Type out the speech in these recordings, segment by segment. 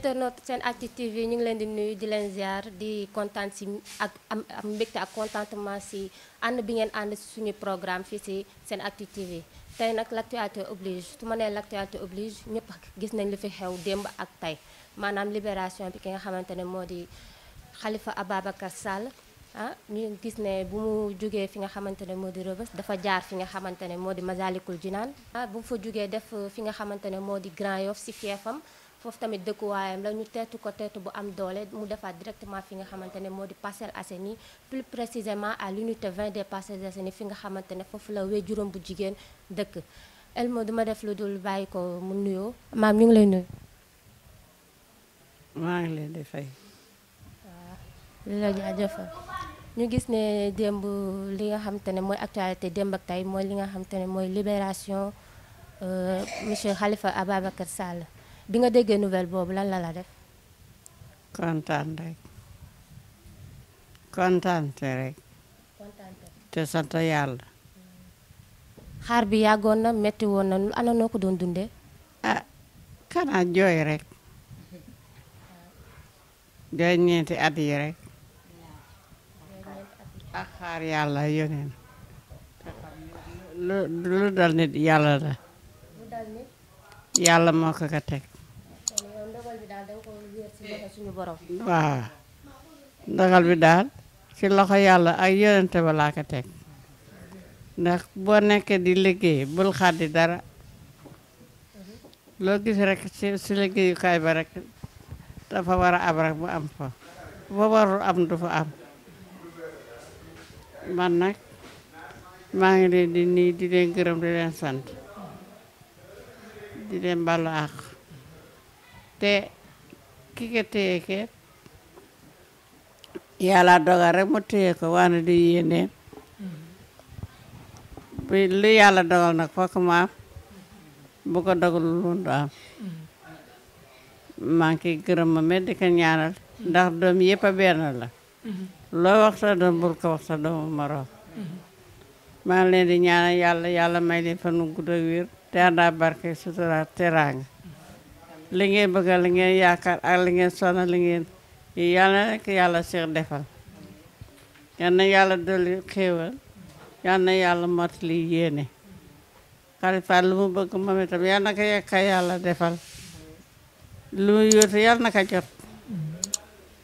te internaute seen acti TV ñu ngi leen di nuyu di leen ziar di kontaan si ak am am mbégte ak contentement si ànd bi ngeen ànd si suñu programme fii si seen acti TV tey nag l'actualité oblige su ma nee l'actualité oblige ñëpp gis nañ lu fi xew démb ak tey maanaam libération bi ki nga xamante ne moo di Khalifa Ababacar Sall ah ñu gis ne bu mu jógee fi nga xamante ne moo di Rebeuss dafa jaar fi nga xamante ne moo di Masalikul Jinaan ah bu mu fa jógee def fi nga xamante ne moo di Grand Yoff si fiefam foofu tamit dëkkuwaayam la ñu teetu ko teetu bu am doole mu defaat directement fi nga xamante ne moo di Parcelles Assainies plus précisément à l'unité 20 des Parcelles Assainies fi nga xamante ne foofu la we juróom bu jigéen dëkk Elmo duma def lu dul bàyyi ko mu nuyoo maam ñu ngi lay nuyu. maa ngi leen di fay. waaw li la jaajëfal ñu gis ne démb li nga xamante ne mooy actualité démb ak tey mooy li nga xamante ne mooy libération euh, monsieur xalifa Ababacar Sall. bi nga déggee nouvelle boobu lan la la def. kontaan rek kontaan te rek. kontaan te sant yàlla. xaar bi yàggoon na metti woon na lu ana noo ko doon dundee. ah kanaa jooy rek. jooy ñeenti at yi rek. ak xaar yàlla yóneen lu lu dal nit yàlla la. yàlla moo ko ko teg. suñu waaw ndogal bi daal ci loxo yàlla ak yonente ba laa ko teg ndax boo nekkee di liggéey bul xaddi dara loo gis rekk ci si liggéeyukaay ba rek dafa war a am rek bu am fa ba warul am du fa am man nag maa ngi leen di nii di leen gërëm di leen sant di leen ballu àq te ki nga téye ke yàlla dogal rek mu téye ko waane du yéene bi lu yàlla dogal nag fokk ma bu ko dogal lu du am maa ngi gërëm ma di ko ñaanal ndax doom yëpp a benn la loo wax sa doom bul ko wax sa doomu moroom maa leen di ñaanal yàlla yàlla may leen fa nu gudd wér te àndaa barke sutura teraanga li ngeen bëgg li ngeen yaakaar ak li ngeen sonna li ngeen yal na yàlla seex defal yal yàlla dolli xéewal yal na yàlla mottali yéene xalifa lu mu bëgg moom itam na ko yàlla defal lu mu yóotu yal na ko jot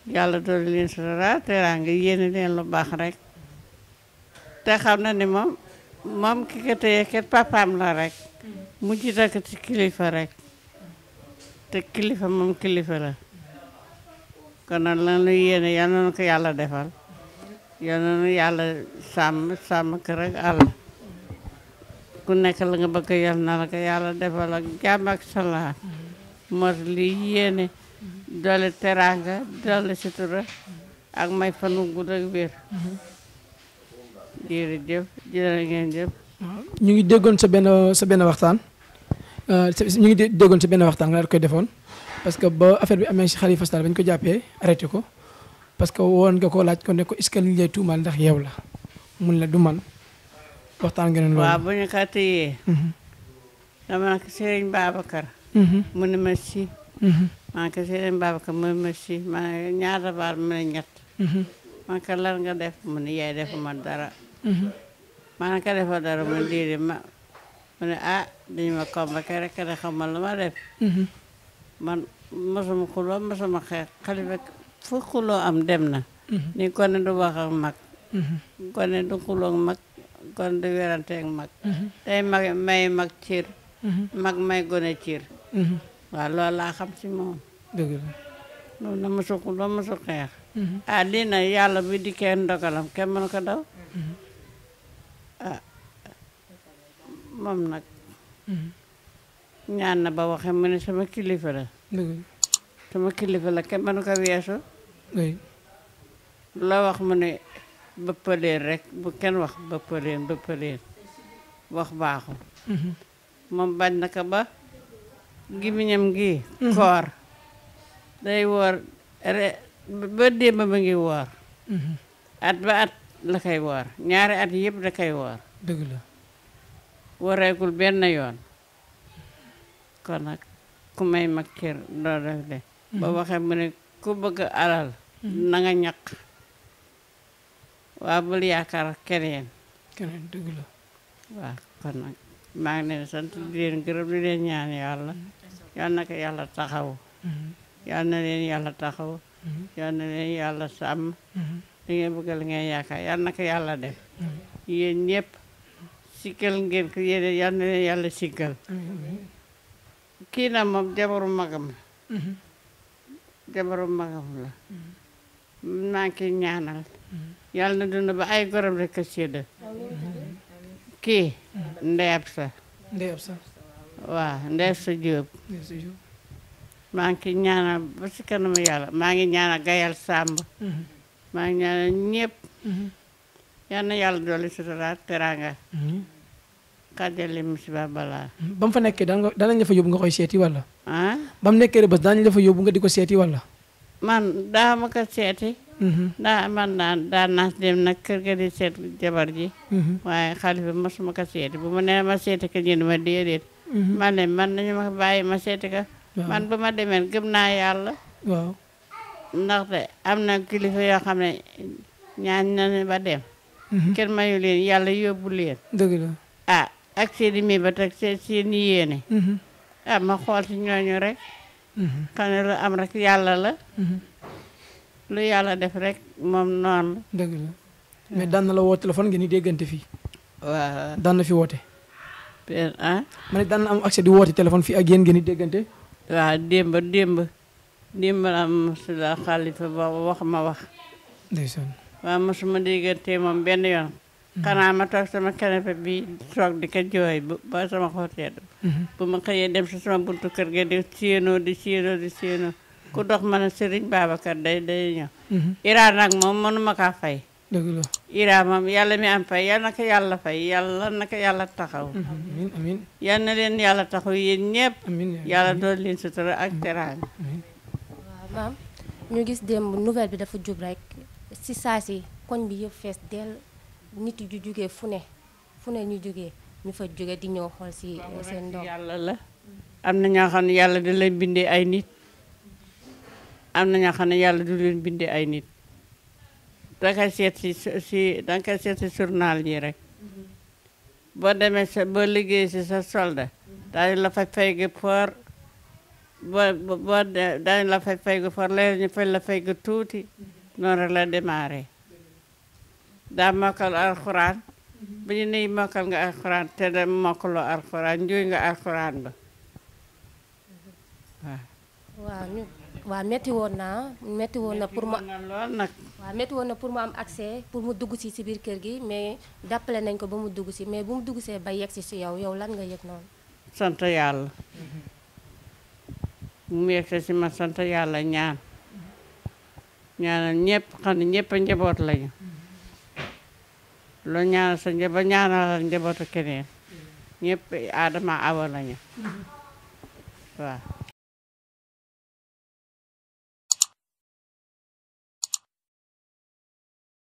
yàlla dolli leen sutura teraanga yéene leen lu baax rek te xam na ni moom moom ki ko téye kat papaam la rek mu jiital ko ci kilifa rek te kilifa moom kilifa la kon nag lanu yéene yal ko yàlla defal yal na nu yàlla sàmm sàmm kër ak àll ku nekk la nga bëgg yal na ko yàlla defal ak jàmm ak salaam mos li yéene doole teraanga doole sutura ak may fanu gudd ak wér jërëjëf jërë ngeen jëf ñu ngi déggoon sa benn sa benn waxtaan Euh, ñu ngi déggoon ci benn waxtaan nga daal koy defoon parce que ba affaire bi amee ci Khalifa Sall ba ñu ko jàppee arrêté ko parce que woon nga ko laaj ko ne ko est-ce que li ñu ndax yow la mun la du man waxtaan ngeen loolu. waaw bu ñu ko téyee. Mhm. dama ko Serigne Babacar. Mhm. si. maa mhm. ngi ko Serigne Babacar mu ne ma si maa ñaata baal mu ne ñett. maa ko lan nga def mu ne yaay defuma dara. maa ngi ko defoo dara mu ne déedéet mu ne ah dañu ma convoqué rek ne xam ma lu ma def man masuma xuloo masuma xeex xalifa fu xuloo am dem na mhm. ni gone du wax ak mag mhm. gone du xuloo mag gone du werante mag day mhm. mag may mag ciir mag may gone ciir waaw loolu laa xam ci moom la loolu na mosu xuloo mosu xeex ah lii nag yàlla bi dikkee ndogalam kenn mën ko daw ah. moom nag mm-hmm. ñaan na ba waxe mu ne sama kilifa la sama kilifa la kenn mënu ko weesu la wax mu ne bëppaleen rek bu kenn wax bëppaleen bëppaleen wax baaxul mm-hmm. moom bañ na ko ba gimiñam gi mm-hmm. koor day woor ba démb ba ngi woor at ba at la koy woor ñaari at yëpp da koy woor wareegul benn yoon kon nag ku may mag kër doo def de ba mhm. waxee mu ne ku bëgg alal mhm. na nga ñaq waa bul yaakaar keneen keneen dëgg kon nag maa ngi leen sant di leen gërëm di leen ñaan yàlla mhm. yal ko yàlla taxaw yal yàlla taxaw yal leen yàlla sàmm li ngay bëgg li ngay yaakaar yal na ko yàlla def yéen ñëpp sikkal ngeen ko yéene na yàlla sikkal kii na moom jabaru magam la mhm. jabaru magam la naa mhm. ngi ñaanal mhm. yàlla na ba ay gorom rek a sédda kii ndeyab sa ndeyab sa sa jóob maa ngi ñaanal ba si kanamu yàlla maa ngi ñaanal gayal sàmb maa ngi ñaanal ñépp yal yàlla dolli suturaat teraanga xajale musiba balaa. ba mu fa nekkee daan nga daan la fa yóbbu nga koy seeti wala. ah ba mu nga di ko seeti wala. man daa ma ko seeti. Mm-hmm. daa man daan daan naa dem nag ga di seet ji. Mm-hmm. waaye xalifa mosuma ko seeti bu ma nee ma seeti ka ñun ma déedéet. Mm-hmm. ma ne man nañu ma bàyyi ma seeti ka. man ba ma demee gëm naa yàlla. waaw ndaxte am na kilifa yoo xam ne ñaan nañu ba dem. kenn mayu leen yàlla yóbbu leen. dëgg ak seen i mibat ma xool si ñooñu rek mm-hmm. xam ne lu am rek yàlla la mm-hmm. lu yàlla def rek moom noonu la la ah. mais daan na la woo téléphone ngeen di déggante fii waaw daan na fi woote ah ma ne daan na am accès di woote téléphone fii ak yéen ngeen di déggante waaw démb démb démb am si la xalifa ba wax ma wax ndeysaan waaw déggante moom benn yoon Mm-hmm. xanaa ma toog sama canapé bi toog di ko jooy ba sama xol sedd mm-hmm. bu ma xëyee dem si sama buntu kër ga di séenoo di séenoo di séenoo ku dox ma ne Serigne Babacar day day ñëw mm-hmm. Ira moom mënuma kaa fay dëgg la Ira moom yàlla mi am fay yal na yàlla fay yàlla na yàlla taxaw amiin amiin yàlla taxaw yéen ñëpp yàlla doon leen sutura ak teraanga maam ñu gis démb nouvelle bi dafa jub rek si saa si koñ bi yëpp fees dell nit yu jóge fu ne fu ne ñu jóge ñu fa jóge di ñëw xool si eh, seen doom yàlla la am na ñoo xam ne yàlla da leen bindee ay nit am na xam ne yàlla du bindee ay nit danga seet si si danga koy seet si journal yi rek boo demee sa boo liggéey si sa solde daañu la fay fay gi for boo boo daañu la fay fay gi for léegi ñu fay la fay gi tuuti noonu rek la démarré daa mokkal alxuraan mm-hmm. bu ñu ne mokkal nga alxuraan te da mokkaloo alxuraan njuuy nga alxuraan ba mm-hmm. waaw ñu waaw woon naa métti woon na pour ma lool nag waaw métti woon na pour mu am accès pour mu dugg si ci biir kër gi mais jàppale nañ ko ba mu dugg si mais bu mu dugg see ba yegg si si yow yow lan nga yëg noonu sant yàlla mm-hmm. mu yegg si ma sant yàlla ñaan ñaanal ñëpp xam ne ñëpp njaboot lañu loo ñaar sa njaboot ba ñaanal njabootu keneen ñëpp aadama awa lañu mm-hmm. waaw